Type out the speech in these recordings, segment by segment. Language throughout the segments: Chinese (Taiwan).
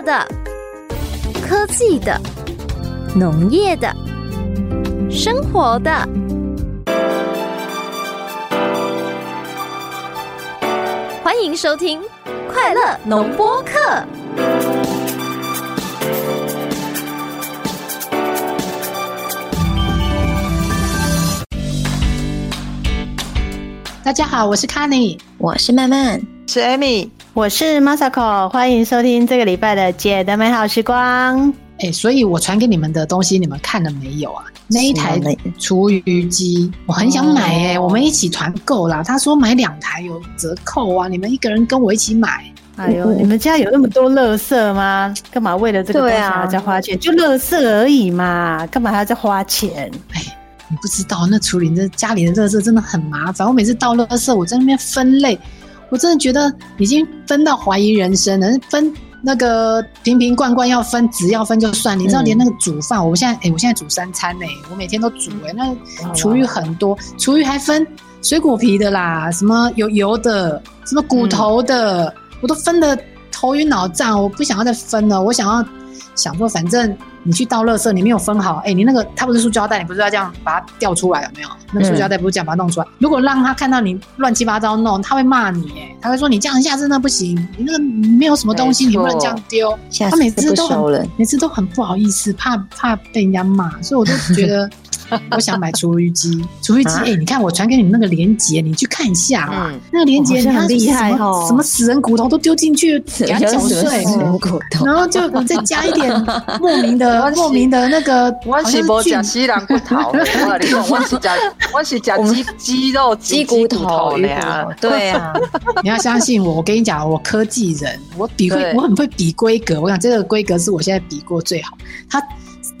的科技的農業的生活的，歡迎收聽快樂農播客。大家好，我是康妮，我是曼曼，是 Amy。我是 Masako，歡迎收聽這個禮拜的姐的美好時光、欸。所以我傳給你們的東西，你們看了沒有啊？那一台廚餘機，嗎我很想買、欸嗯、我們一起團購啦。他說買兩台有折扣啊，你們一個人跟我一起買。哎呦，哦、你們家有那麼多垃圾嗎？幹嘛為了這個東西還要再花錢？啊、就垃圾而已嘛，幹嘛還要再花錢？哎、欸，你不知道那處理這家裡的垃圾真的很麻煩。我每次倒垃圾，我在那邊分類。我真的覺得已經分到懷疑人生了，分那個瓶瓶罐罐要分，只要分就算了。嗯、你知道，連那個煮飯，我現在哎、欸，我現在煮三餐哎、欸，我每天都煮哎、欸，那廚餘很多，廚餘還分水果皮的啦，什麼有油、油的，什麼骨頭的，嗯、我都分的頭暈腦脹，我不想要再分了，我想要。想說，反正你去倒垃圾，你沒有分好。哎、欸，你那個，它不是塑膠袋，你不是要這樣把它掉出來，有沒有？那個塑膠袋不是這樣把它弄出來？嗯、如果讓他看到你亂七八糟弄，他會罵你、欸。哎，他會說你這樣一下真的不行，你那個沒有什麼東西，錯你不能這樣丟。下次 他每次都很，每次都很不好意思，怕怕被人家罵，所以我都覺得。 我想買廚餘機，廚餘機，哎，你看我傳給你那個連結，你去看一下啊。那個連結很厲害，什麼死人骨頭都丟進去，給它攪碎然後就再加一點莫名的、莫名的那個。我是講死人骨頭，我是講我是講雞雞肉雞骨頭呀，對呀。你要相信我，我跟你講，我科技人，我比會，我很會比規格。我想這個規格是我現在比過最好，它。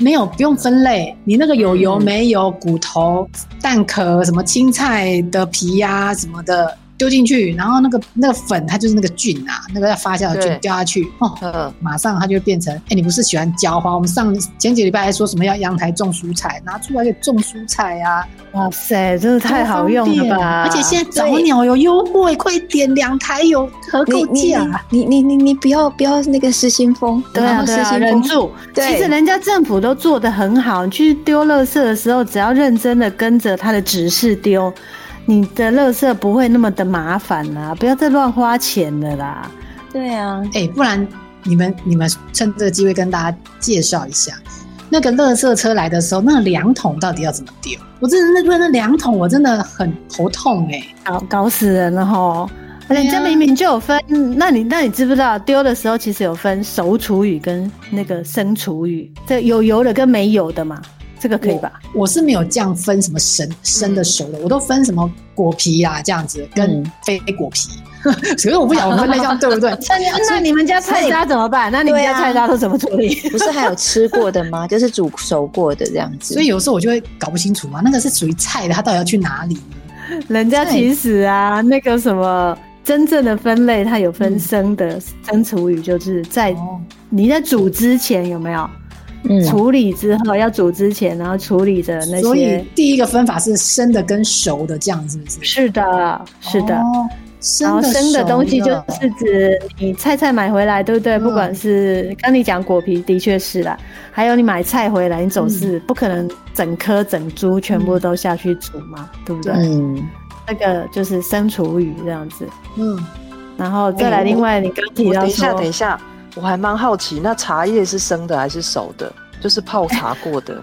沒有，不用分類。你那個有油、嗯、沒有骨頭、蛋殼、什麼青菜的皮呀、啊、什麼的。丟進去，然後那個那個粉，它就是那個菌啊，那個要發酵的菌掉下去對哦，呵呵馬上它就變成。哎、欸，你不是喜歡澆花，我們上前幾個禮拜還說什麼要陽台種蔬菜，拿出來就種蔬菜啊！哇塞，真的太好用了吧！而且現在早鳥有優惠，對快點兩台有合購價啊！你你你你，你，你不要不要那個失心瘋、啊，對啊對啊，失心瘋忍住。對其實人家政府都做得很好，去丟垃圾的時候，只要認真的跟着他的指示丟。你的垃圾不會那麼的麻煩啦，不要再亂花錢的啦。對啊，哎、欸，不然你們你們趁這個機會跟大家介紹一下，那個垃圾車來的時候，那個兩桶到底要怎麼丟？我真的那個、那那兩桶我真的很頭痛哎、欸，搞搞死人了吼！人家、啊、明明就有分，那你那你知不知道丟的時候其實有分熟廚餘跟那個生廚餘，這個、有油的跟沒有的嘛？這個可以吧？我是沒有這樣分什麼生生的、熟的，我都分什麼果皮啊這樣子，跟非果皮。所以我不想分類，這樣對不對？那那你們家菜渣怎麼辦？那你們家菜渣是怎麼處理？不是還有吃過的嗎？就是煮熟過的這樣子。所以有時候我就會搞不清楚嘛，那個是屬於菜的，它到底要去哪裡呢？人家其實啊，那個什麼真正的分類，它有分生的、生廚餘，就是在你在煮之前有沒有？嗯、處理之後要煮之前，然後處理的那些，所以第一個分法是生的跟熟的這樣子，是的，是的。哦、生的熟的然後生的東西就是指你菜菜買回來，對不對？嗯、不管是剛你講果皮，的確是啦、啊。還有你買菜回來，你總是不可能整顆整株全部都下去煮嘛，嗯、對不對？嗯。那個就是生廚餘這樣子。嗯。然後再來，另外、哎、呦你剛，剛提到說，等一下，等一下。我還蠻好奇，那茶葉是生的還是熟的？就是泡茶過的，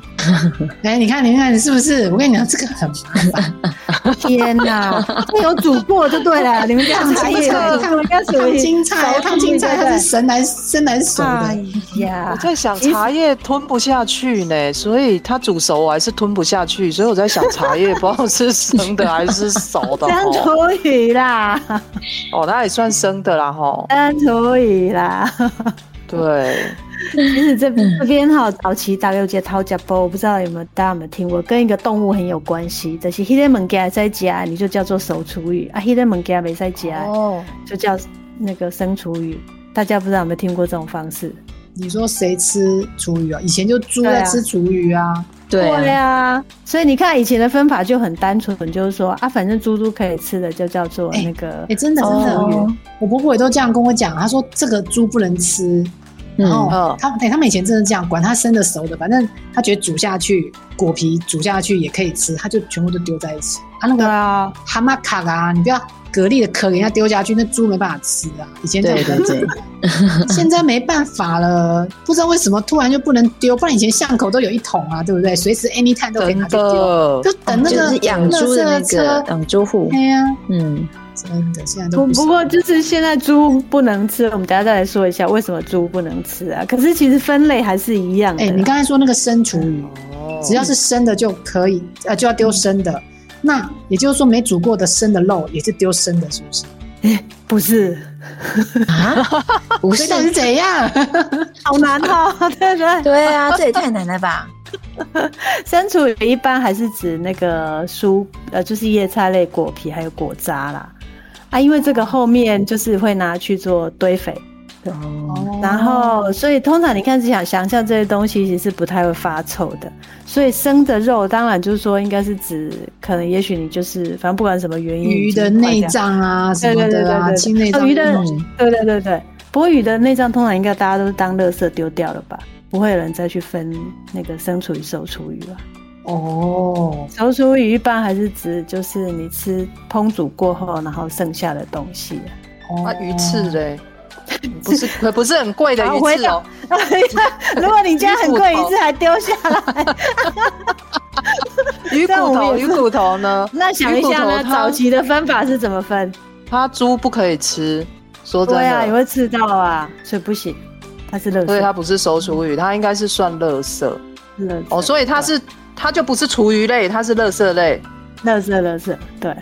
來你看，你看，是不是？我跟你講，這個很麻煩。天哪，沒有煮過就對了。你們燙茶葉，燙了要煮青菜，煮青菜它是生來生來熟的。哎呀，我在想茶葉吞不下去呢，所以它煮熟我還是吞不下去，所以我在想茶葉，不知道是生的還是熟的。生可以啦，哦，那也算生的啦，吼。生可以啦，對。 其實這這邊哈， 早期大六又掏饕家我不知道有沒有大家有沒有聽過？跟一個動物很有關係。但、就是黑 g i 加在加，你就叫做熟廚餘啊；黑 g i 加沒在加，就叫那個生廚餘。Oh. 大家不知道有沒有聽過這種方式？你說誰吃廚餘啊？以前就豬、啊、在吃廚餘啊。對啊，所以你看以前的分法就很單純，就是說啊，反正豬都可以吃的就叫做那個。真的、欸欸、真的，我伯伯也都這樣跟我講，他說這個豬不能吃。然後他哎，他們以前真的這樣，管它生的熟的吧，反正他覺得煮下去，果皮煮下去也可以吃，他就全部都丟在一起。他那個蛤蟆卡啊，你不要蛤蜊的殼給人家丟下去，那豬沒辦法吃啊。以前這，對對對，現在沒辦法了， 不知道為什麼突然就不能丟，不然以前巷口都有一桶啊，對不對？隨時 any time 都可以拿去丟，的就等那個、哦就是、養豬的、那個、那，車那個養豬戶。對、哎、呀，嗯。真的，現在都不不過，就是現在豬不能吃，我們等一下再來說一下為什麼豬不能吃啊？可是其實分類還是一樣的。哎，你剛才說那個生廚餘只要是生的就可以，呃，就要丟生的。那也就是說，沒煮過的生的肉也是丟生的，是不是？哎，不是啊，但是怎樣？好難哦，對對對啊，這也太難了吧！生廚餘一般還是指那個蔬呃，就是葉菜類、果皮還有果渣啦。啊，因為這個後面就是會拿去做堆肥，對。Oh. 然後，所以通常你看只想，想象這些東西其實是不太會發臭的。所以生的肉，當然就是說，應該是指可能，也許你就是，反正不管什麼原因，魚的內臟啊，什麼的啊，內臟、啊。魚的，嗯、對，對對對對，不過魚的內臟通常應該大家都是當垃圾丟掉了吧？不會有人再去分那個生廚餘與熟廚餘了，啊。哦，熟廚餘一般還是指就是你吃烹煮過後，然後剩下的東西，啊。哦、oh. 啊，魚翅嘞，不是 不是很貴的魚刺哦，喔 啊。如果你家很貴，魚刺還丟下來。 魚骨頭， 魚骨頭呢？那想一下，呢？早期的分法是怎麼分？它豬不可以吃，說真的對，啊，你會吃到啊，所以不行。它是垃圾。所以它不是熟廚餘，它應該是算垃圾。垃圾哦，所以它是。它就不是廚餘類，它是垃圾類，垃圾垃圾，對，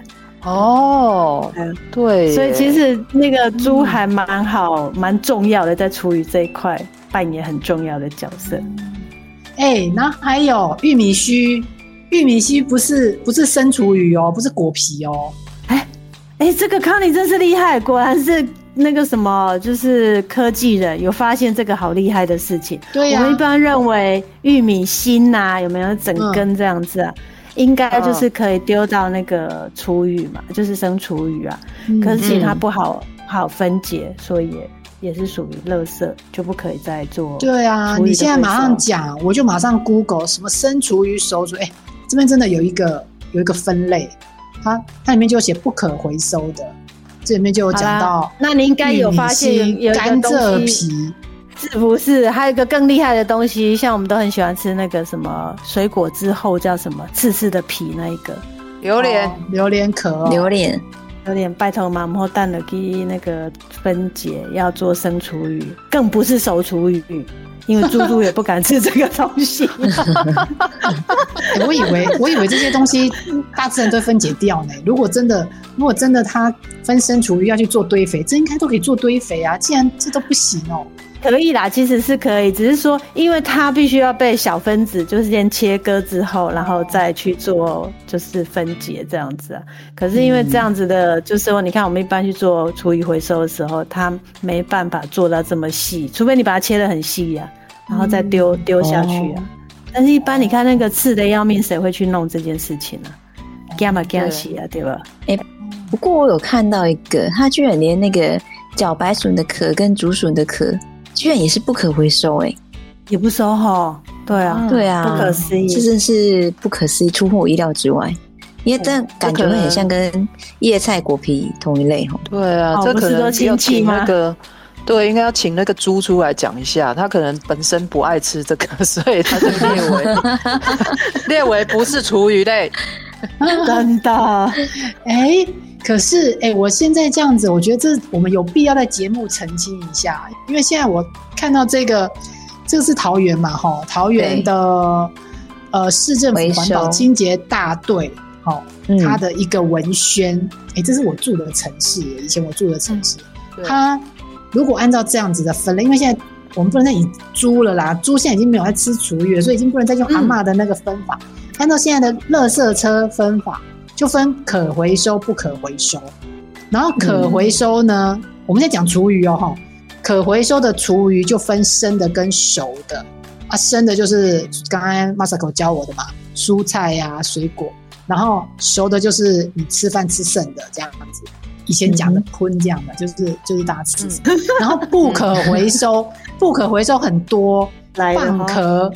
哦、oh，嗯，對，所以其實那個豬還蠻好，嗯、蠻重要的，在廚餘這一塊扮演很重要的角色。哎、嗯，那還有玉米鬚，玉米鬚不是不是生廚餘哦，不是果皮哦，哎哎，這個康尼真是厲害，果然是。那個什麼，就是科技人有發現這個好厲害的事情。對呀、啊，我們一般認為玉米芯吶、啊，有沒有整根這樣子啊？嗯、應該就是可以丟到那個廚餘嘛，嗯、就是生廚餘啊。可是它不好、嗯、不好分解，所以也是屬於垃圾，就不可以再做。對啊，你現在馬上講，我就馬上 Google 什麼生廚餘搜、熟廚，哎，這邊真的有一個有一個分類，它它裡面就寫不可回收的。這裡面就有講到，那你應該有發現有甘蔗皮，是不是？還有一個更厲害的東西，像我們都很喜歡吃那個什麼水果之後叫什麼刺刺的皮那一個，榴蓮槤、哦，榴蓮殼、哦，榴蓮。有點白頭毛，然淡了的給那個分解，要做生廚餘，更不是熟廚餘，因為豬豬也不敢吃這個東西 欸。我以為，我以為這些東西大自然都會分解掉呢？如果真的，如果真的，它分生廚餘要去做堆肥，這應該都可以做堆肥啊。既然這都不行哦？喔。可以啦，其實是可以，只是說，因為它必須要被小分子，就是先切割之後，然後再去做就是分解這樣子啊。可是因為這樣子的，嗯、就是說，你看我們一般去做廚餘回收的時候，它沒辦法做到這麼細，除非你把它切得很細啊，然後再丟丟、嗯、下去啊。哦、但是一般你看那個刺的要命，誰會去弄這件事情啊？幹嘛幹嘛洗啊，對，了對吧？哎、欸，不過我有看到一個，它居然連那個茭白筍的殼跟竹筍的殼。居然也是不可回收誒、欸，也不收哈？對啊，嗯、對啊，不可思議，這真是不可思議，出乎我意料之外。嗯、因為這感覺會很像跟葉菜果皮同一類哈。嗯、對啊，喔、這可能要、那個、是要請那個，對，應該要請那個豬出來講一下，他可能本身不愛吃這個，所以他就列為列為不是廚餘類。 真的？哎、欸。可是，哎、欸，我現在這樣子，我覺得這我們有必要在節目澄清一下，因為現在我看到這個，這個是桃園嘛，哈、哦，桃園的對呃市政府環保清潔大隊，好修，他、哦、的一個文宣，哎、嗯欸，這是我住的城市，以前我住的城市，他、嗯、如果按照這樣子的分類，因為現在我們不能再以豬了啦，豬現在已經沒有在吃廚餘，嗯、所以已經不能再用阿嬤的那個分法，嗯、按照現在的垃圾車分法。就分可回收、不可回收，嗯、然後可回收呢，嗯、我們在講廚餘哦，可回收的廚餘就分生的跟熟的，啊，生的就是剛剛 Masako 教我的嘛，蔬菜呀、啊、水果，然後熟的就是你吃飯吃剩的這樣子，以前講的 ㄆㄨㄣ 這樣的，嗯、就是就是大家吃，嗯、然後不可回收，嗯、不可回收很多，蛋殼。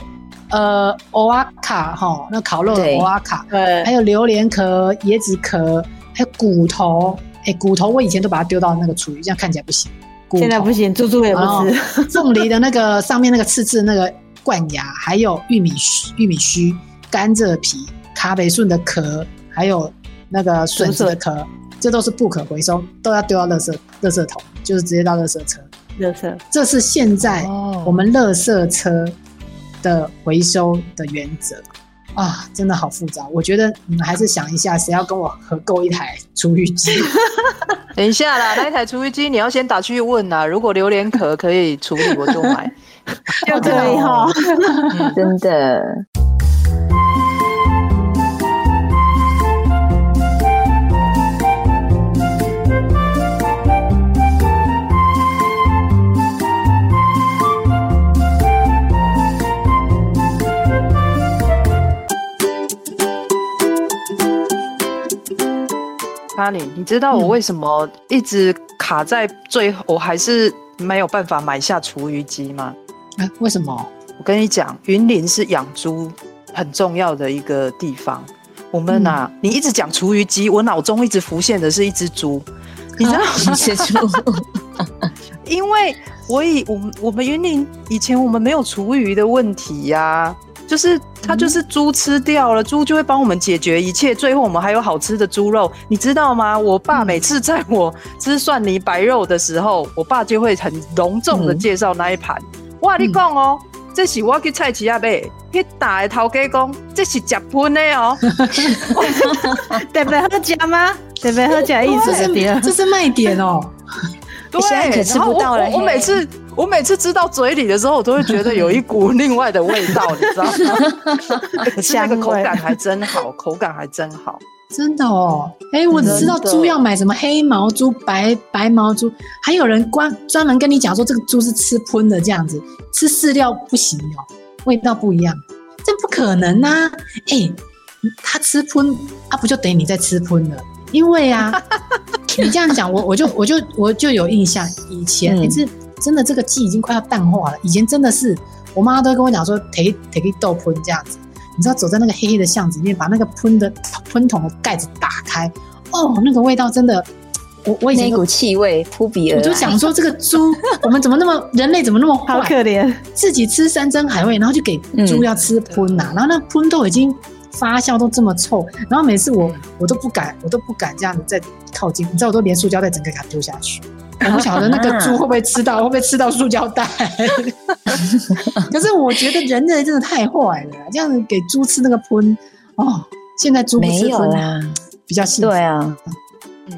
呃，奧拉卡吼，那烤肉的奧拉卡，對，還有榴蓮殼、椰子殼，還有骨頭，誒，骨頭我以前都把它丟到那個廚餘，這樣看起來不行。現在不行，豬豬也不吃。鳳梨後 的那個上面那個刺刺那個冠牙，還有玉米須、玉米須、甘蔗皮、咖啡樹的殼，還有那個筍子的殼，這，這都是不可回收，都要丟到垃圾、垃圾桶，就是直接到垃圾車。垃圾車，這是現在我們垃圾車。哦的回收的原則啊，真的好複雜。我覺得你們還是想一下，誰要跟我合購一台廚餘機？ 等一下啦，那一台廚餘機你要先打去問啊。如果榴蓮殼可以處理我，我就買，就可以哈、喔 嗯。真的。你知道我為什麼一直卡在最後，我還是沒有辦法買下廚餘機嗎？為什麼？我跟你講，雲林是養豬很重要的一個地方，我們吶、啊，嗯、你一直講廚餘機，我腦中一直浮現的是一隻豬，啊、你知道嗎？因為我，我以我們我們雲林以前我們沒有廚餘的問題呀、啊。就是他就是豬吃掉了，豬、嗯、就會幫我們解決一切，最後我們還有好吃的豬肉，你知道嗎？我爸每次在我吃蒜泥白肉的時候，我爸就會很隆重的介紹那一盤。哇、嗯，我跟你講哦，這是我去菜市場買的，去打的頭家公，這是結婚的哦。特別好吃嗎？特別好吃的意思是怎樣？這是賣點哦。 對，我每次，我每次吃到嘴裡的時候，我都會覺得有一股另外的味道， 你知道嗎？下一 個口感還真好，味口感還真好。真的哦、欸，我只知道豬要買什麼的黑毛豬、白白毛豬，還有人專專門跟你講說這個豬是吃噴的，這樣子吃飼料不行哦，味道不一樣，這不可能啊！哎、欸，它吃噴，它、啊、不就等於你在吃噴了？因為啊。 你這樣講，我我就我就我就有印象，以前、嗯欸、是真的，這個記憶已經快要淡化了。以前真的是，我媽都跟我講說，可以可以豆噴這樣子，你知道，走在那個黑黑的巷子裡面，把那個噴的噴桶的蓋子打開，哦，那個味道真的，我我已經那一股氣味撲鼻而來，我就想說，這個豬我們怎麼那麼 人類怎麼那麼壞，好可憐，自己吃山珍海味，然後就給豬要吃噴啊，嗯、然後那噴都已經。發酵都這麼臭，然後每次我我都不敢，我都不敢這樣子再靠近。你知道，我都連塑膠袋整個給它丟下去，我不曉得那個豬會不會吃到， 會不會吃到塑膠袋。 可是我覺得人類真的太壞了，這樣子給豬吃那個噴，哦，現在豬不沒有啦，比較幸福。對啊，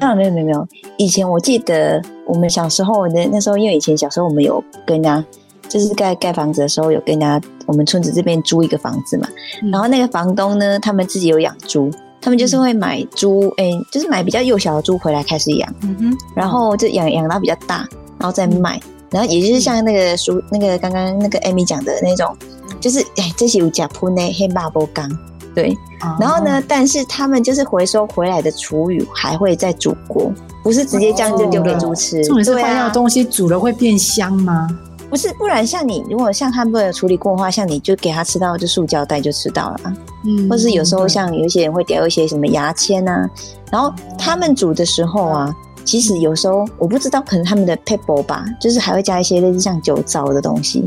啊、嗯，沒有沒有沒有。以前我記得我們小時候那時候，因為以前小時候我們有跟人家、啊就是蓋蓋房子的時候，有跟人家我們村子這邊租一個房子嘛。嗯、然後那個房東呢，他們自己有養豬，他們就是會買豬，哎、嗯欸，就是買比較幼小的豬回來開始養。嗯哼，然後就養養到比較大，然後再賣。嗯、然後也就是像那個叔，那個剛剛那個 Amy 講的那種，嗯、就是哎、欸，這是有些有夾鋪內黑霸波缸。對，嗯、然後呢，嗯、但是他們就是回收回來的廚餘，還會再煮過，不是直接這樣就丟給豬吃。哦啊、重點是壞掉的東西煮了會變香嗎？不是，不然像你，如果像他們有處理過的話，像你就給他吃到就塑膠袋就吃到了啊。嗯，或是有時候像有些人會丟一些什麼牙籤啊，然後他們煮的時候啊，嗯、其實有時候、嗯、我不知道，可能他們的撇步吧，就是還會加一些類似像酒糟的東西，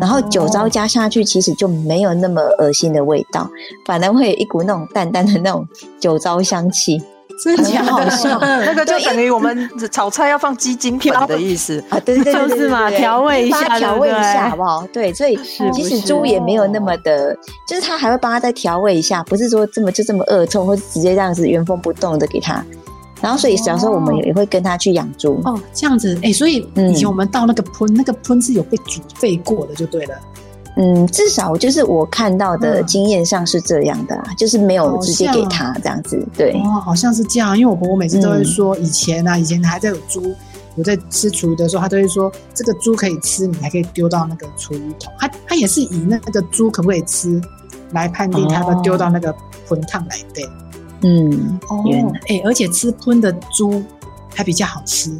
然後酒糟加下去，其實就沒有那麼惡心的味道，反而會有一股那種淡淡的那種酒糟香氣。真的好笑、嗯，那個就等於我們炒菜要放雞精片對的意思啊，對對對，對，對，就是嘛，調味一下，調味一下，好不好？對，所以是是即使豬也沒有那麼的，就是他還會幫他再調味一下，不是說這麼就這麼惡臭，或直接這樣子原封不動的給他。然後所以小時候我們也會跟他去養豬哦，哦，這樣子，哎、欸，所以以前、嗯、我們到那個噴，那個噴是有被煮沸過的，就對了。嗯，至少就是我看到的經驗上是這樣的、啊，嗯、就是沒有直接給他這樣子，像對。哦，好像是這樣，因為我婆婆每次都會說，以前呢、啊，嗯、以前還在有豬，有在吃廚餘的時候，她都會說這個豬可以吃，你還可以丟到那個廚餘桶。她她也是以那那個豬可不可以吃來判定，他要丟到那個盆燙來對。嗯，哦，哎來、欸，而且吃盆的豬還比較好吃，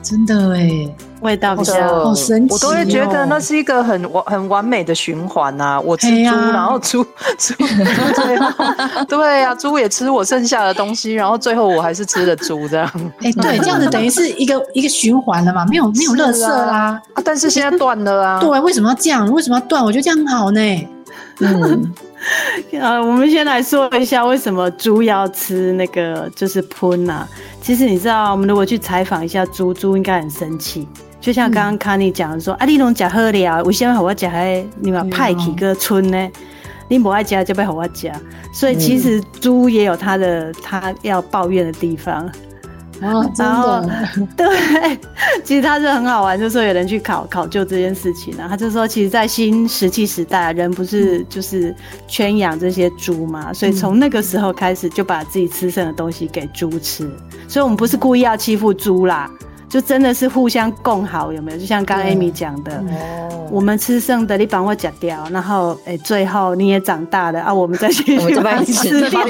真的哎、欸。味道比較的好，神奇、哦、我都會覺得那是一個很完很完美的循環吶、啊。我吃豬，啊、然後豬，豬 後最後對啊， 豬也吃我剩下的東西，然後最後我還是吃了豬這樣。哎、欸，對，嗯、這樣子等於是一個一個循環了嘛，沒有沒有垃圾啦、啊啊啊。但是現在斷了啦、啊。對，為什麼要這樣？為什麼要斷？我覺得這樣好呢。嗯，啊， 我們先來說一下為什麼豬要吃那個就是噴吶。其實你知道，我們如果去採訪一下豬，豬應該很生氣。就像剛剛卡尼講的說，嗯、啊，你攏食好料，為什麼和我假喺、那個、你們派幾個村呢？嗯哦、你不愛假就不要和我假。所以其實豬也有它的它要抱怨的地方。嗯、然後，啊、對，其實它是很好玩，就是說有人去考考究這件事情啦、啊。他就說，其實，在新石器時代，人不是就是圈養這些豬嘛，所以從那個時候開始，就把自己吃剩的東西給豬吃。所以我們不是故意要欺負豬啦。嗯嗯就真的是互相共好，有沒有？就像剛 Amy 講的，嗯、我們吃剩的，你幫我夾掉，然後誒、欸，最後你也長大了啊，我們再去去把你吃掉。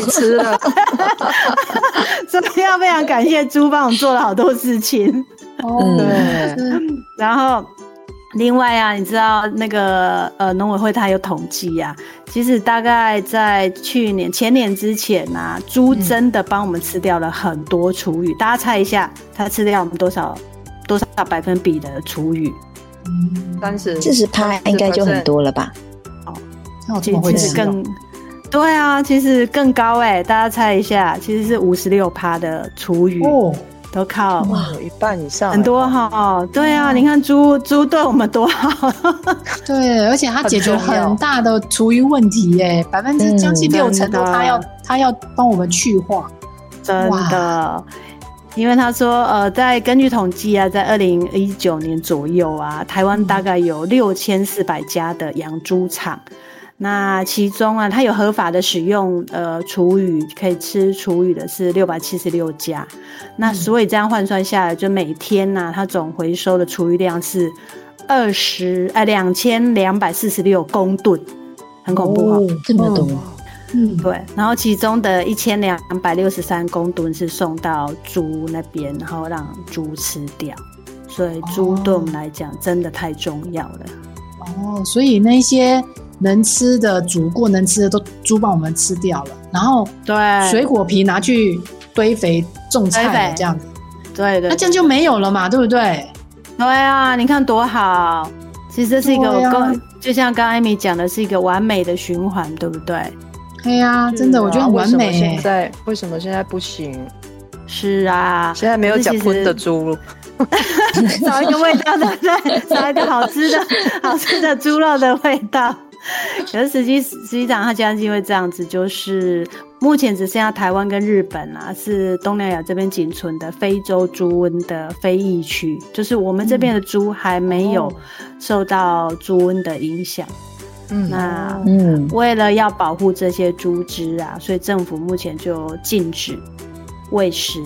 真的 要非常感謝豬，幫我們做了好多事情。哦， 對，嗯、然後。另外啊，你知道那個呃農委會它有統計呀、啊，其實大概在去年前年之前吶、啊，豬真的幫我們吃掉了很多廚餘。嗯、大家猜一下，它吃掉我們多少多少百分比的廚餘？嗯，三十。四十？它應該就很多了吧？哦，其實其實那我怎麼會這更、啊、對啊，其實更高哎、欸！大家猜一下，其實是五十六趴的廚餘。哦都靠一半以上很多哈，對啊，哇你看豬豬對我們多好， 對，而且它解決很大的廚餘問題、欸，哎，百分之將近六成都他要他、嗯、要幫我們去化，真的，哇因為他說呃，在根據統計啊，在二零一九年左右啊，台灣大概有六千四百家的養豬場。那其中啊，它有合法的使用，呃，廚餘可以吃廚餘的是六百七十六家，那所以這樣換算下來，就每天吶、啊，它總回收的廚餘量是二十呃兩千兩百四十六公噸，很恐怖啊，哦哦，真的懂嗎、哦？對嗯，對。然後其中的一千兩百六十三公噸是送到豬那邊，然後讓豬吃掉，所以豬頓來講真的太重要了。哦，哦，所以那些。能吃的煮過，能吃的都豬把我們吃掉了，然後對水果皮拿去堆肥種菜這樣子，對那這樣就沒有了嘛，對不對？對啊，你看多好，其實這是一個我剛就像剛 Amy 講的是一個完美的循環，對不對？對呀、啊，真的，啊、我覺得很完美。現在為什麼現在不行？是啊，現在沒有講葷的豬，找一個味道的，再找一個好吃的好吃的豬肉的味道。 可是實際實際上，他將是因為這樣子，就是目前只剩下台灣跟日本啊，是東南亞這邊僅存的非洲豬瘟的非疫區，就是我們這邊的豬還沒有受到豬瘟的影響。嗯，那嗯，為了要保護這些豬只啊，所以政府目前就禁止餵食、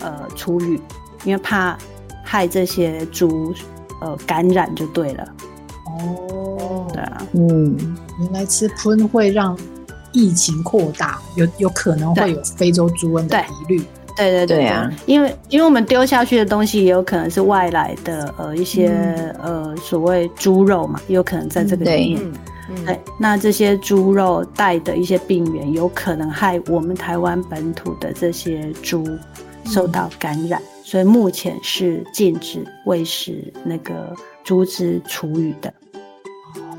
呃，廚餘，因為怕害這些豬呃感染就對了。哦。哦，對啊，嗯，原來吃噴會讓疫情擴大，有有可能會有非洲豬瘟的疑慮，對對對，對，對，對啊，因為因為我們丟下去的東西也有可能是外來的，呃，一些、嗯、呃所謂豬肉嘛，有可能在這個裡面，嗯對，嗯嗯、對，那這些豬肉帶的一些病原有可能害我們台灣本土的這些豬受到感染，嗯、所以目前是禁止餵食那個豬隻廚餘的。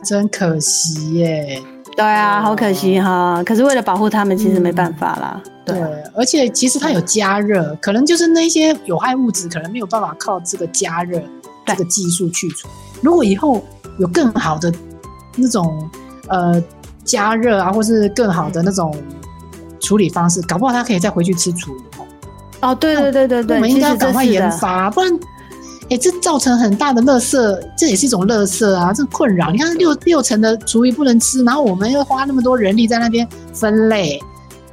真可惜耶，欸，對啊，嗯、好可惜哈。可是為了保護他們，其實沒辦法啦。嗯對，啊、對，而且其實它有加熱，嗯、可能就是那些有害物質，可能沒有辦法靠這個加熱這個技術去除。對如果以後有更好的那種呃加熱啊，或是更好的那種處理方式，搞不好它可以再回去吃廚餘哦。哦，對對對對對，我們應該要趕快研發，不然。哎，這造成很大的垃圾，這也是一種垃圾啊！這困擾，你看六六成的廚餘不能吃，然後我們又花那麼多人力在那邊分類，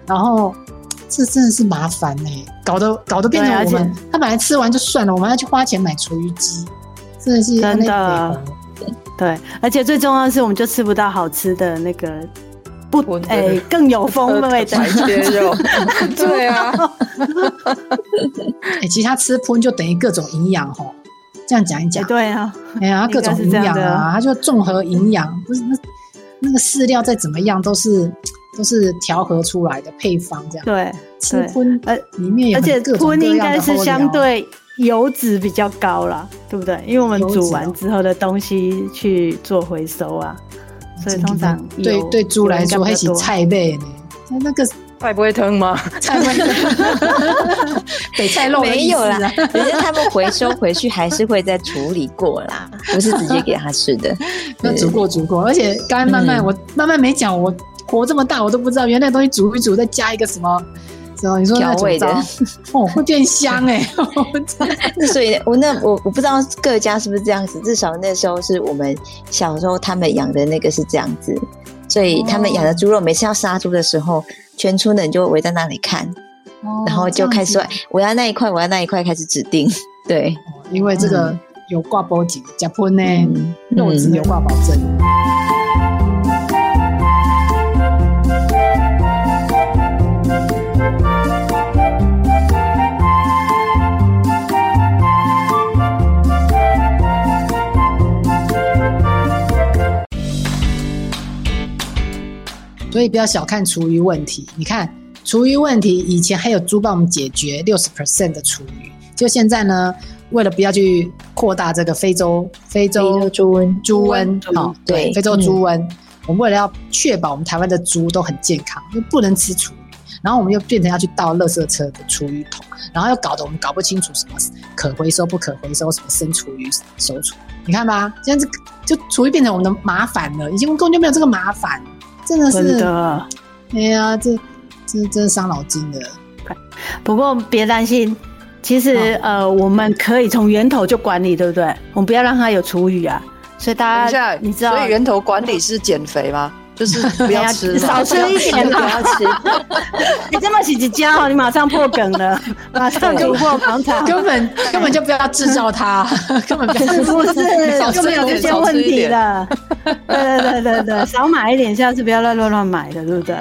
然後這真的是麻煩哎，搞得搞得變成我們他本來吃完就算了，我們要去花錢買廚餘機，真的是真的，對，而且最重要的是，我們就吃不到好吃的那個不哎，更有風味的肉，對啊，哎，其實他吃葷就等於各種營養哦。這樣講一講，欸、對啊，哎呀、欸啊，各種營養啊，是哦，它就綜合營養，對不是那那個飼料再怎麼樣，都是都是調和出來的配方這樣。對，吃葷，呃，裡面有，而且葷應該是相對油脂比較高啦，對不對？因為我們煮完之後的東西去做回收啊，嗯、所以通常對對豬來說還比菜類那那個。菜不會疼嗎？菜會疼，北菜肉沒有啦，只是他們回收回去還是會再處理過啦， 我是直接給他吃的。要 對煮過煮過，而且剛才慢慢我、嗯、我慢慢沒講，我活這麼大我都不知道，原來那東西煮一煮再加一個什麼，知你說調味的，哦會變香哎、欸。 所以，我那我我不知道各家是不是這樣子，至少那時候是我們小時候他們養的那個是這樣子。所以他們養的豬肉，每次要殺豬的時候，全村的人就圍在那裡看，哦、然後就開始說，我要那一塊，我要那一塊，開始指定。對，因為這個有掛保證，呷 ㄆㄨㄣ 的，肉質有掛保證。所以不要小看廚餘問題。你看，廚餘問題以前還有豬幫我們解決六十 percent 的廚餘，就現在呢，為了不要去擴大這個非洲非洲豬瘟豬瘟啊，對，非洲豬瘟，對，我們為了要確保我們台灣的豬都很健康，又不能吃廚餘，然後我們又變成要去倒垃圾車的廚餘桶，然後又搞得我們搞不清楚什麼可回收不可回收，什麼生廚餘熟廚。你看吧，現在這個就廚餘變成我們的麻煩了，以前根本就沒有這個麻煩。真的是，哎呀的、欸啊，這這真傷腦筋的。不過別擔心，其實、哦、呃，我們可以從源頭就管理，對不對？我們不要讓它有廚餘啊。所以大家，你知道，所以源頭管理是減肥嗎？嗯嗯就是不要吃，少吃一點。不要吃，你這麼洗急教，你馬上破梗了，馬上就破防，根本根本就不要制造它，根本不是，少吃一點，少吃一點。對對對對對，少買一點，下次不要亂亂亂買的，對不對？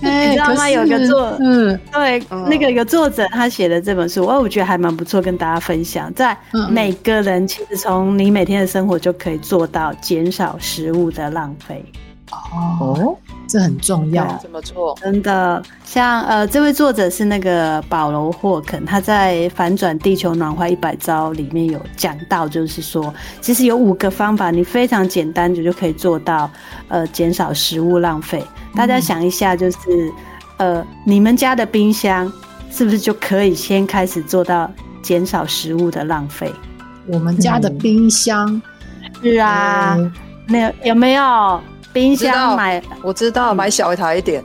你知道嗎？有個作，嗯，對，那個有作者他寫的這本書，我覺得還蠻不錯，跟大家分享，在每個人其實從你每天的生活就可以做到減少食物的浪費。Oh, 哦，這很重要，怎麼做？真的，像呃，這位作者是那個保羅霍肯，他在《反轉地球暖化一百招》裡面有講到，就是說，其實有五個方法，你非常簡單的就可以做到，呃，減少食物浪費。大家想一下，就是、嗯、呃，你們家的冰箱是不是就可以先開始做到減少食物的浪費？我們家的冰箱、嗯嗯、是啊，欸、那有，有沒有？冰箱買，我，我知道買小一台一點。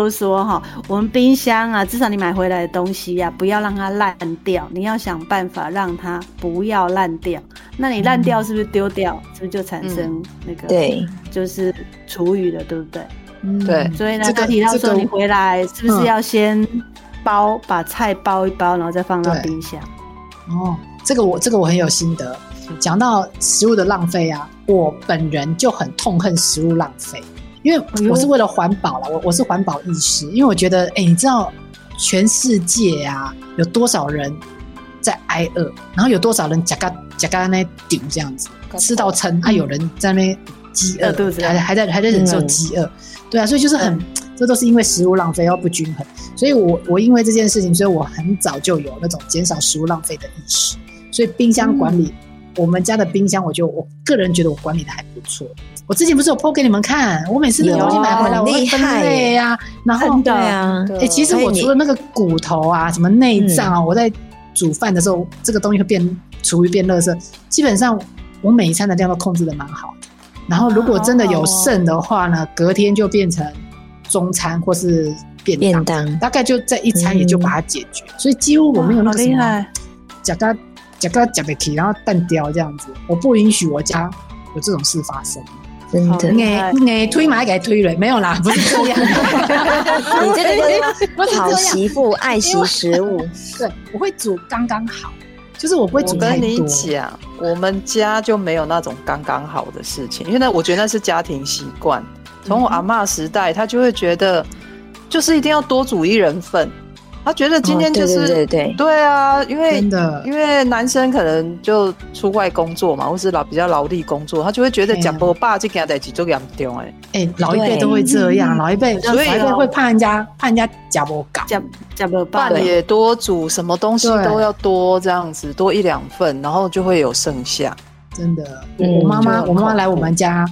都說哈，我們冰箱啊，至少你買回來的東西呀、啊，不要讓它爛掉。你要想辦法讓它不要爛掉。那你爛掉是不是丟掉？是不是就產生那個？嗯、對，就是廚餘了，對不對？嗯，對。所以呢，他提、個、到說你回來是不是要先包、嗯、把菜包一包，然後再放到冰箱？哦，這個我這個我很有心得。講到食物的浪費啊，我本人就很痛恨食物浪費。因為我是為了環保了，我、嗯、我是環保意識，因為我覺得，哎、欸，你知道全世界啊，有多少人在挨餓，然後有多少人夾嘎夾嘎那頂這樣子吃到撐，還、嗯啊、有人在那飢餓，餓啊、還還在還在忍受飢餓，嗯、對啊，所以就是很，嗯、這都是因為食物浪費又不均衡，所以我我因為這件事情，所以我很早就有那種減少食物浪費的意識，所以冰箱管理。嗯我們家的冰箱，我就我個人覺得我管理的還不錯。我之前不是有 PO 給你們看，我每次那個東西買回來，我會分類呀、啊，然後對啊，其實我除了那個骨頭啊，什麼內臟啊，我在煮飯的時候，這個東西會變廚餘、變垃圾。基本上我每一餐的量都控制的蠻好。然後如果真的有剩的話呢，隔天就變成中餐或是便當，大概就在一餐也就把它解決。所以幾乎我沒有那什夾個講的題，然後彈掉這樣子，我不允許我家有這種事發生。你的也給你推埋給推了，沒有啦，不是這樣。你這個 好媳婦，愛惜食物。對，我會煮剛剛好，就是我不會煮太多。我跟你講我們家就沒有那種剛剛好的事情，因為我覺得那是家庭習慣。從我阿嬤時代，她就會覺得就是一定要多煮一人份。他覺得今天就是對對對啊，因為因為男生可能就出外工作嘛，或是勞比較勞力工作，他就會覺得講不罷這件代志嚴重。哎哎，老一輩都會這樣，老一輩所以都會怕人家怕人家講不講講不罷也多煮什麼東西都要多這樣子多一兩份，然後就會有剩下。真的，我媽媽我媽媽來我們家，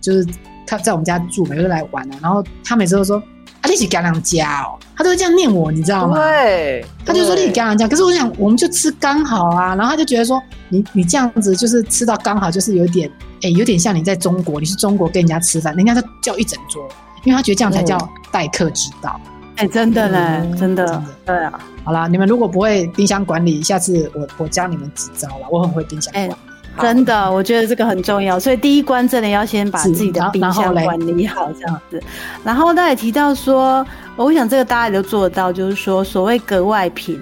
就是她在我們家住，每次來玩、啊、然後她每次都說。啊！力氣干兩家哦，他都會這樣念我，你知道嗎？對，對他就說力氣干兩家。可是我想，我們就吃剛好啊。然後他就覺得說，你你這樣子就是吃到剛好，就是有點哎，有點像你在中國，你是中國跟人家吃飯，人家就叫一整桌，因為他覺得這樣才叫待客之道。哎、嗯欸，真的嘞，嗯、真的，真的。對啊，好啦，你們如果不會冰箱管理，下次我我教你們幾招啦。我很會冰箱管理。欸好真的，我覺得這個很重要，嗯、所以第一關真的要先把自己的冰箱管理好這樣子。嗯、然後他也提到說，我想這個大家也都做得到，就是說所謂格外品，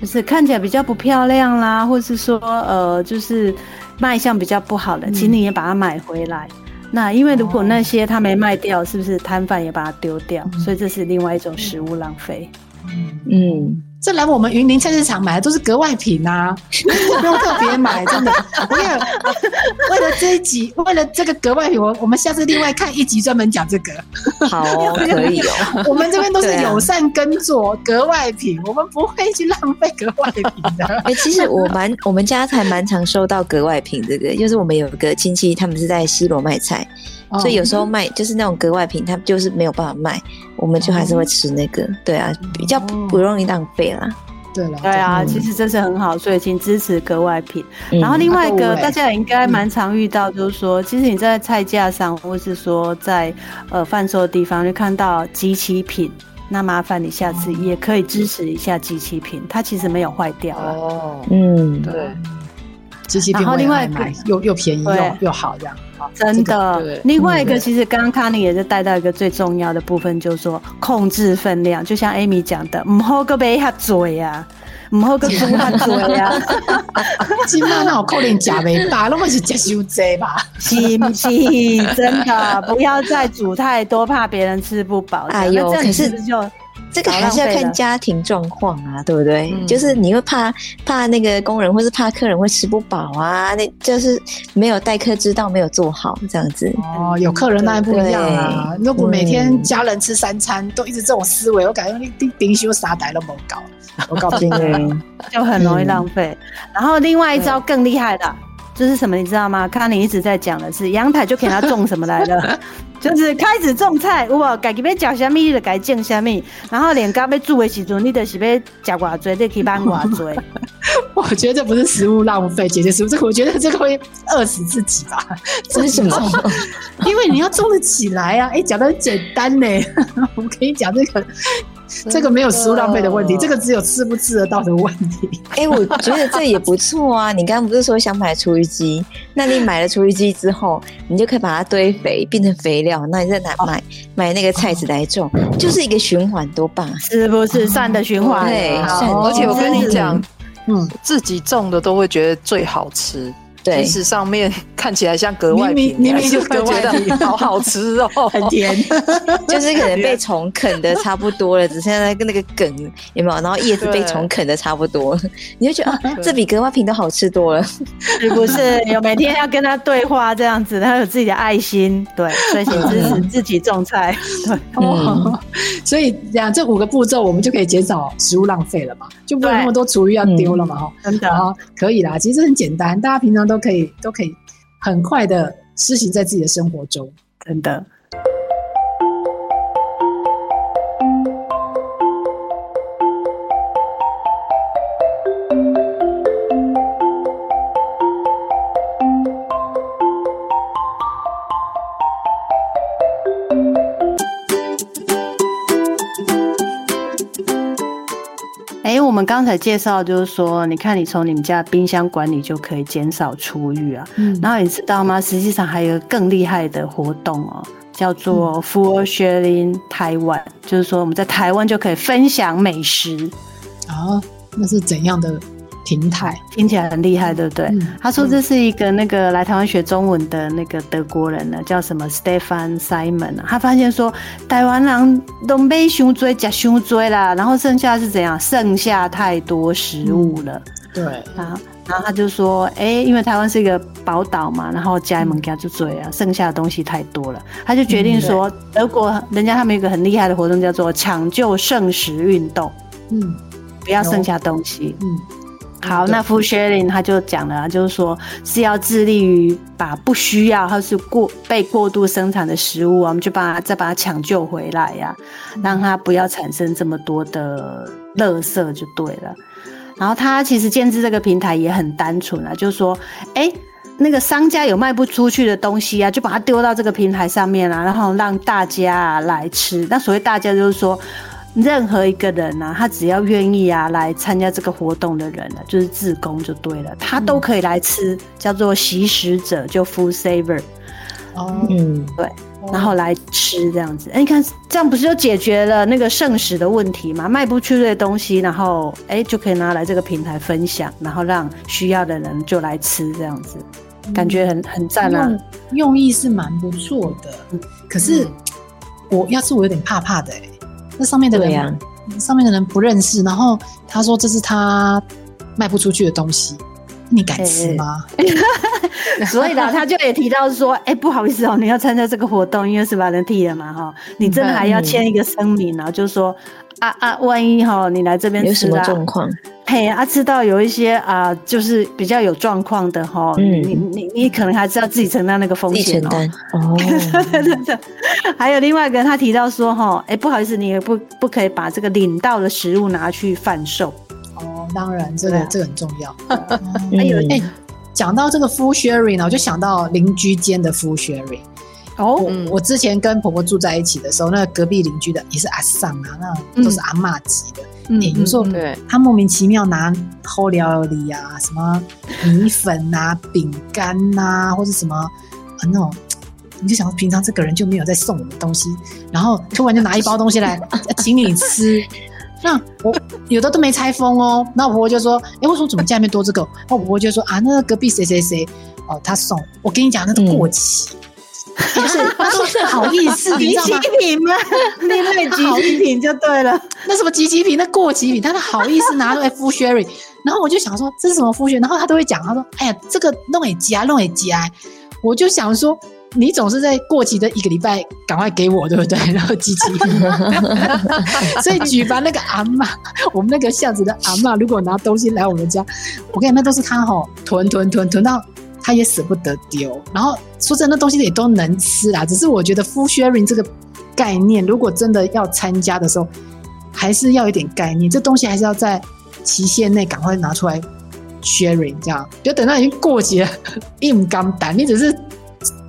就是看起來比較不漂亮啦，或是說呃就是賣相比較不好的，請、嗯、你也把它買回來。那因為如果那些他沒賣掉，哦、是不是攤販也把它丟掉？嗯、所以這是另外一種食物浪費。嗯。嗯嗯這來我們雲林菜市場買的都是格外品吶、啊， 不用特別買，真的。我為了這一集，為了這個格外品，我我們下次另外看一集專門講這個。好、哦， 可以。我們這邊都是友善耕作格外品，啊、我們不會去浪費格外品的。欸、其實我蠻，我們家才蠻常收到格外品，這個就是我們有個親戚，他們是在西螺賣菜。所以有時候賣就是那種格外品，它就是沒有辦法賣，我們就還是會吃那個，對啊，比較不容易浪費啦。對了，對啊，其實這是很好，所以請支持格外品。然後另外一個，大家也應該蠻常遇到，就是說，其實你在菜架上，或是說在呃販售的地方，就看到即期品，那麻煩你下次也可以支持一下即期品，它其實沒有壞掉。哦，嗯，對，即期品。然後另外一個，又又便宜又又好這樣。Oh, 真的，這個、對對，另外一個其實剛剛卡尼也是帶到一個最重要的部分，就是說控制分量。嗯、對對，就像 Amy 講的，唔好個杯喝醉呀，唔好個中飯煮呀，今晚那我可憐假未，打攏 是接受濟吧？ 是是，真的不要再煮太多，怕別人吃不飽。哎呦，這次就。這個還是要看家庭狀況啊，對不對？嗯、就是你會怕怕那個工人，或是怕客人會吃不飽啊，那就是沒有待客之道，沒有做好這樣子。哦，嗯、有客人那一步對不一樣啊！如果每天家人吃三餐，對都一直這種思維，對我感覺你頂頂起又傻呆了，我搞，不搞定了，欸， 就很容易浪費。嗯、然後另外一招更厲害的。這是什麼？你知道嗎？看你一直在講的是陽台，就給他種什麼來了？ 就是開始種菜哇！自己要吃什麼，你就自己種什麼？然後連家要煮的時候，你就是要吃多少，你就可以買多少。 我覺得這不是食物浪費，姐姐食物，是不是？我覺得這個會餓死自己吧？這 是什麼？ 因為你要種得起來啊！哎、欸，講的很簡單呢。 我可以講這個。這個沒有食物浪費的問題，的這個只有吃不吃得到的問題。哎、欸，我覺得這也不錯啊！ 你剛剛不是說想買廚餘機？那你買了廚餘機之後，你就可以把它堆肥變成肥料，那你在哪買？哦、買那個菜籽來種，哦、就是一個循環，多棒！是不是善的循環、啊啊？對，而且我跟你講，嗯是，自己種的都會覺得最好吃。對其實上面看起來像格外品，啊，你們就是格外好好吃哦，喔， 很甜的，就是可能被蟲啃的差不多了， 只剩下跟那個梗有沒有？然後葉子被蟲啃的差不多了，對你就覺得、啊、這比格外品都好吃多了，是不是？有每天要跟他對話這樣子，他有自己的愛心，對，自己是自己種菜，對，嗯嗯、所以這樣這五個步驟，我們就可以減少食物浪費了嘛，就沒有那麼多廚餘要丟了嘛，哈，真、嗯、的、啊，可以啦。其實很簡單，大家平常都。都可以，都可以很快的施行在自己的生活中，真的。我們剛才介紹，就是說，你看，你從你們家的冰箱管理就可以減少廚餘啊。嗯，然後你知道嗎？實際上還有一個更厲害的活動哦、喔，叫做 “Food Sharing Taiwan”，、嗯、就是說我們在台灣就可以分享美食啊、哦。那是怎樣的？平台聽起來很厲害，對不對？嗯、他說，這是一個那個來台灣學中文的那個德國人呢、啊，嗯、叫什麼 Stefan Simon。他發現說，台灣人都沒胸椎加胸椎啦，然後剩下是怎樣？剩下太多食物了。嗯、對，然後，然後他就說，哎、欸，因為台灣是一個寶島嘛，然後家門家就做啊，嗯、剩下的東西太多了。他就決定說，德國人家他們有一個很厲害的活動叫做“搶救剩食運動”。嗯，不要剩下東西。嗯。嗯好，那付雪玲他就講了，就是說是要致力於把不需要或是過被過度生產的食物，啊，我們就把它再把它搶救回來呀，啊，讓它不要產生這麼多的垃圾就對了。然後他其實建置這個平台也很單純啊，就是說，哎、欸，那個商家有賣不出去的東西啊，就把它丟到這個平台上面啊，然後讓大家、啊、來吃。那所謂大家就是說。任何一個人吶、啊，他只要願意啊來參加這個活動的人，就是志工就對了，他都可以來吃，嗯、叫做惜食者就 Food Saver 嗯，對，然後來吃這樣子，哎、哦，欸、你看這樣不是就解決了那個剩食的問題嗎？賣不出這些東西，然後哎、欸、就可以拿來這個平台分享，然後讓需要的人就來吃這樣子，感覺很很讚啊、嗯用，用意是蠻不錯的，嗯、可是、嗯、我要是我有點怕怕的哎、欸。那上面的人，啊、上面的人不認識。然後他說：“這是他賣不出去的東西，你敢吃嗎？”所以呢，他就也提到說：“哎、欸，不好意思哦、喔，你要參加這個活動，因為是把人替了嘛、喔，哈，你真的還要簽一個聲明，然後、喔嗯、就說啊啊，萬一哈、喔，你來這邊有、啊、什麼狀況？”嘿，啊，知道有一些啊、呃，就是比較有狀況的哈、嗯，你你你可能還知道自己承擔那個風險哦。對對對還有另外一個，他提到說哈、欸，不好意思，你也不不可以把這個領到的食物拿去販售。哦，當然，這個吧這個很重要。還有、 嗯、哎，講到這個 food sharing 呢，我就想到鄰居間的 food sharing。哦，我之前跟婆婆住在一起的時候，那個、隔壁鄰居的也是阿桑啊，那個、都是阿媽級的。嗯，有時對他莫名其妙拿好料理啊，什麼米粉吶、啊、餅乾吶，或者什麼啊那種，no, 你就想平常這個人就沒有在送我們東西，然後突然就拿一包東西來請你吃。 那我有的都沒拆封哦，那婆婆就說：“哎、欸，為什麼怎麼家裡面多這個？”我婆婆就說：“啊，那個、隔壁誰誰誰哦，他送。”我跟你講，那都、個、過期。嗯不是，欸、他說好意思，即期品嗎？品你那裡即期品就對了。 那什麼即期品，那過期品，他都好意思拿來敷 Sherry。 然後我就想說，這是什麼敷學？然後他都會講，他說：“哎呀，這個弄也急啊，弄也急啊。”我就想說，你總是在過期的一個禮拜，趕快給我，對不對？然後即期品， 所以舉凡那個阿嬤，我們那個巷子的阿嬤，如果拿東西來我們家，我跟你說，那都是他吼囤囤囤囤到。他也捨不得丟，然後說真的東西也都能吃啦，只是我覺得 full sharing 這個概念，如果真的要參加的時候，還是要有一點概念，這東西還是要在期限內趕快拿出來 sharing，這樣，就等到已經過期了硬剛單，你只是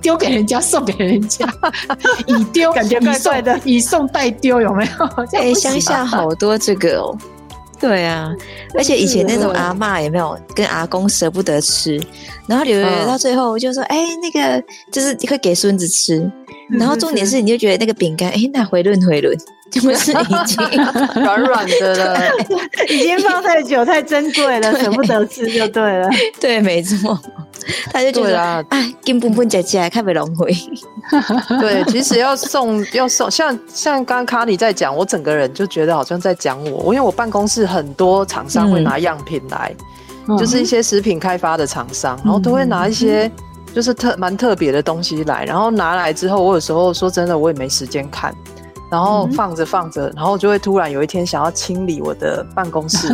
丟給人家送給人家， 以丟感覺比怪，怪的以，以送代丟有沒有？哎、欸，鄉下好多這個、哦。對啊，而且以前那種阿嬤也沒有對跟阿公捨不得吃，然後留留到最後就說：“哎、哦欸，那個就是會給孫子吃。”然後重點是，你就覺得那個餅乾，哎、欸，那回潤回潤。不是已經軟軟 的了， 已經放太久，太珍貴了，舍 對 不得吃就對了。對，沒錯，他就覺得啊，跟本笨姐姐看美容會。 對，其實要送要送，像像剛剛卡里在講，我整個人就覺得好像在講我。我因為我辦公室很多廠商會拿樣品來，嗯、就是一些食品開發的廠商，嗯、然後都會拿一些就是特蠻、嗯、特別的東西來，然後拿來之後，我有時候說真的，我也沒時間看。然後放着放着，嗯、然後就會突然有一天想要清理我的辦公室。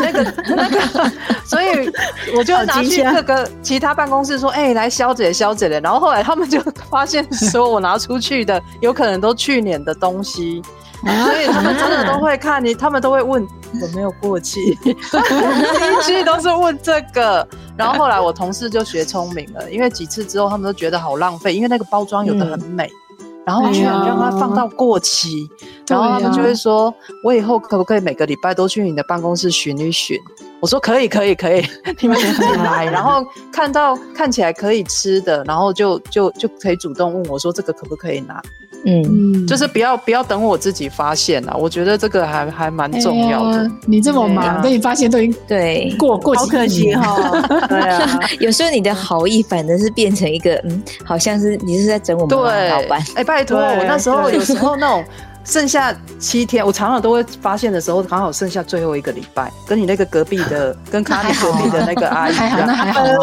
哎、 欸，那個那個，所以我就拿去那個其他辦公室說：“哎、欸，來消解消解了。”然後後來他們就發現，說我拿出去的 有可能都去年的東西，所以他們真的都會看你，他們都會問有沒有過期。 第一句都是問這個，然後後來我同事就學聰明了，因為幾次之後他們都覺得好浪費，因為那個包裝有的很美。嗯。然後他居然讓他放到過期，啊、然後他們就會說：“啊、我以後可不可以每個禮拜都去你的辦公室巡一巡？”我說：“可以，可以，可以，你們自己來。” 然後看到看起來可以吃的，然後就就就可以主動問我說：“這個可不可以拿？”嗯，就是不要不要等我自己發現啦、啊，我覺得這個還還蠻重要的、哎。你這麼忙，等對你發現都已經對過過幾天哈。有時候你的好意反而是變成一個嗯，好像是你是在整我們的老板。哎對、欸，拜托，對我那時候有時候那種。 剩下七天，我常常都會發現的時候，剛好剩下最後一個禮拜。跟你那個隔壁的，跟咖啡隔壁的那個阿姨，還好，那還好、啊。啊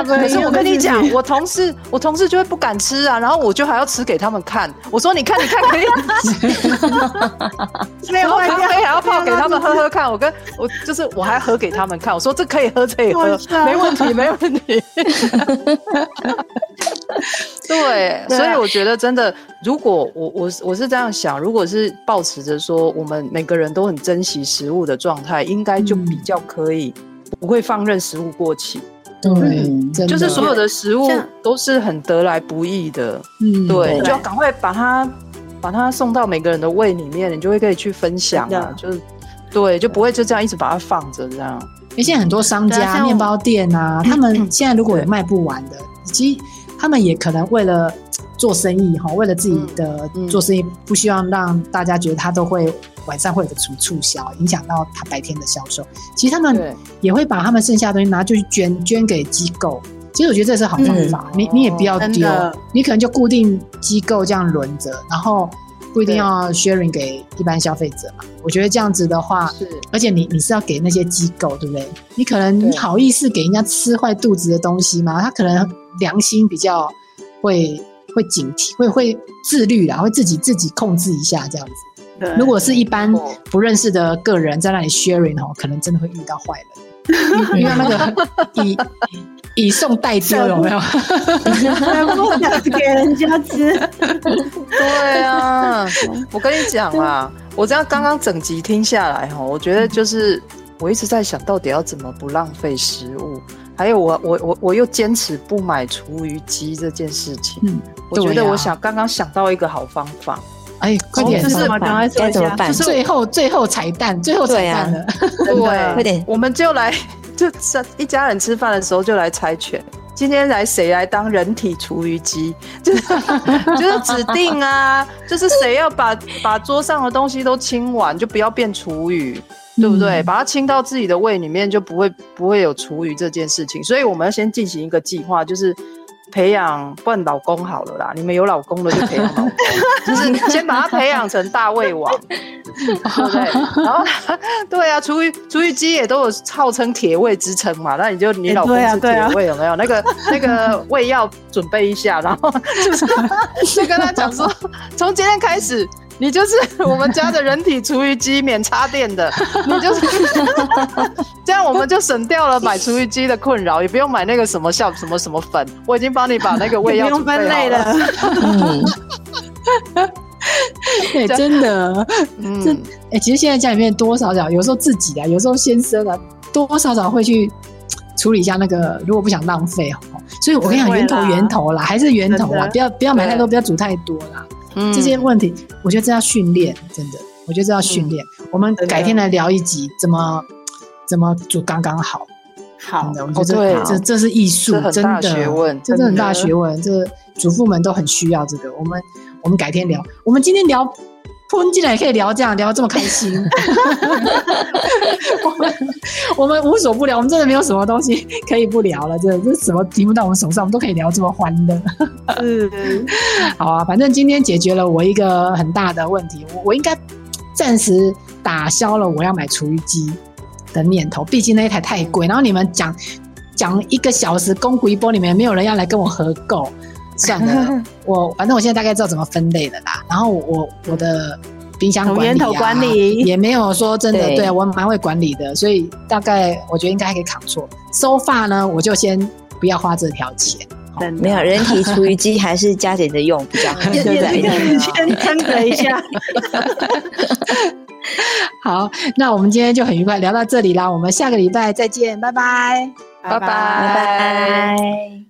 啊、可是我跟你講，對我同事，對我同事就會不敢吃啊，然後我就還要吃給他們看。我說：“你看，你看，可以吃。 ”然後咖啡還要泡給他們喝喝看。我跟我就是，我還喝給他們看。我說這：“這可以喝，這也喝。沒問題，沒問題。 ”對，對啊、所以我覺得真的，如果我我我是這樣想，如如果是保持着說我們每個人都很珍惜食物的狀態，應該就比較可以不會放任食物過期。嗯，就是所有的食物都是很得來不易的。嗯，對，就要趕快把它把它送到每個人的胃裡面，你就會可以去分享。的，就是對，就不會就這樣一直把它放着這樣。而且很多商家、麵包店啊，他們現在如果有賣不完的，以及他們也可能為了。做生意哈，為了自己的做生意，嗯嗯、不希望讓大家覺得他都會晚上會有個促銷，影響到他白天的銷售。其實他們也會把他們剩下的東西拿出去捐，捐給機構。其實我覺得這是好方法，嗯、你你也不要丟，哦、你可能就固定機構這樣輪着，然後不一定要 sharing 給一般消費者嘛。我覺得這樣子的話，是而且你你是要給那些機構，對不對？你可能你好意思給人家吃壞肚子的東西嗎？他可能良心比較會。會警惕，會會自律，然後自己自己控制一下這樣子。對如果是一般不認識的個人在那裡 sharing 哦、嗯，可能真的會遇到壞人。你看 對那，那個 以以，以送代之， 有沒有？不，是給人家吃。對啊，我跟你講啊，我這樣剛剛整集聽下來哈，我覺得就是我一直在想到底要怎麼不浪費食物。還有我我我我又堅持不買廚餘機這件事情，我覺得我想剛剛想到一個好方法，哎，快點，就是剛才說，就是最後最後彩蛋，最後彩蛋了，對，快點，我們就來，就是一家人吃飯的時候就來猜拳。今天來誰來當人體廚餘機，就是就是指定啊，就是誰要把把桌上的東西都清完，就不要變廚餘。對不對？嗯、把它清到自己的胃裡面，就不會不會有廚餘這件事情。所以我們要先進行一個計劃，就是培養半老公好了啦。你們有老公了就培養老公， 就是先把他培養成大胃王， 對不對？ 然後，對啊，廚餘廚餘機也都有號稱鐵胃之稱嘛。那你就你老公是鐵胃有沒有？欸啊啊、那個那個胃藥準備一下，然後就 就跟他講說，從 今天開始。你就是我們家的人體廚餘機，免插電的。 你就是 這樣，我們就省掉了買廚餘機的困擾， 也不用買那個什麼酵什麼什麼粉。我已經幫你把那個胃要不用分類了。嗯，哎，真的，哎樣、嗯欸，其實現在家裡面多少少，有時候自己的、啊，有的時候先生啊，多少少會去處理一下那個，如果不想浪費哦。所以我跟你講，源頭源頭啦，還是源頭啦，的不要不要買太多，對不要煮太多啦。這些問題，嗯、我覺得這要訓練，真的，我覺得這要訓練。嗯、我們改天來聊一集，嗯、怎麼怎麼煮剛剛好。好的，我覺得、哦、對這這是藝術，的學問真的，真的這很大學問，這很大學問，這主婦們都很需要這個。我們我們改天聊，我們今天聊。我們竟然也可以聊這樣聊這麼開心， 我們我們無所不聊，我們真的沒有什麼東西可以不聊了，真的，就什麼題目到我們手上，我們都可以聊這麼歡樂。 是，好啊，反正今天解決了我一個很大的問題，我我應該暫時打消了我要買廚餘機的念頭，畢竟那一台太貴。然後你們講講一個小時，公估一波裡面沒有人要來跟我合購。算了，我反正我現在大概知道怎麼分類的啦。然後我我的冰箱管理，源頭管理也沒有說真的，對我蠻會管理的，所以大概我覺得應該還可以扛住。收納呢，我就先不要花這條錢，沒有人體廚餘機還是加減的用比較好，對對對，先斟酌一下。好，那我們今天就很愉快聊到這裡啦，我們下個禮拜再見，拜拜，拜拜，拜拜。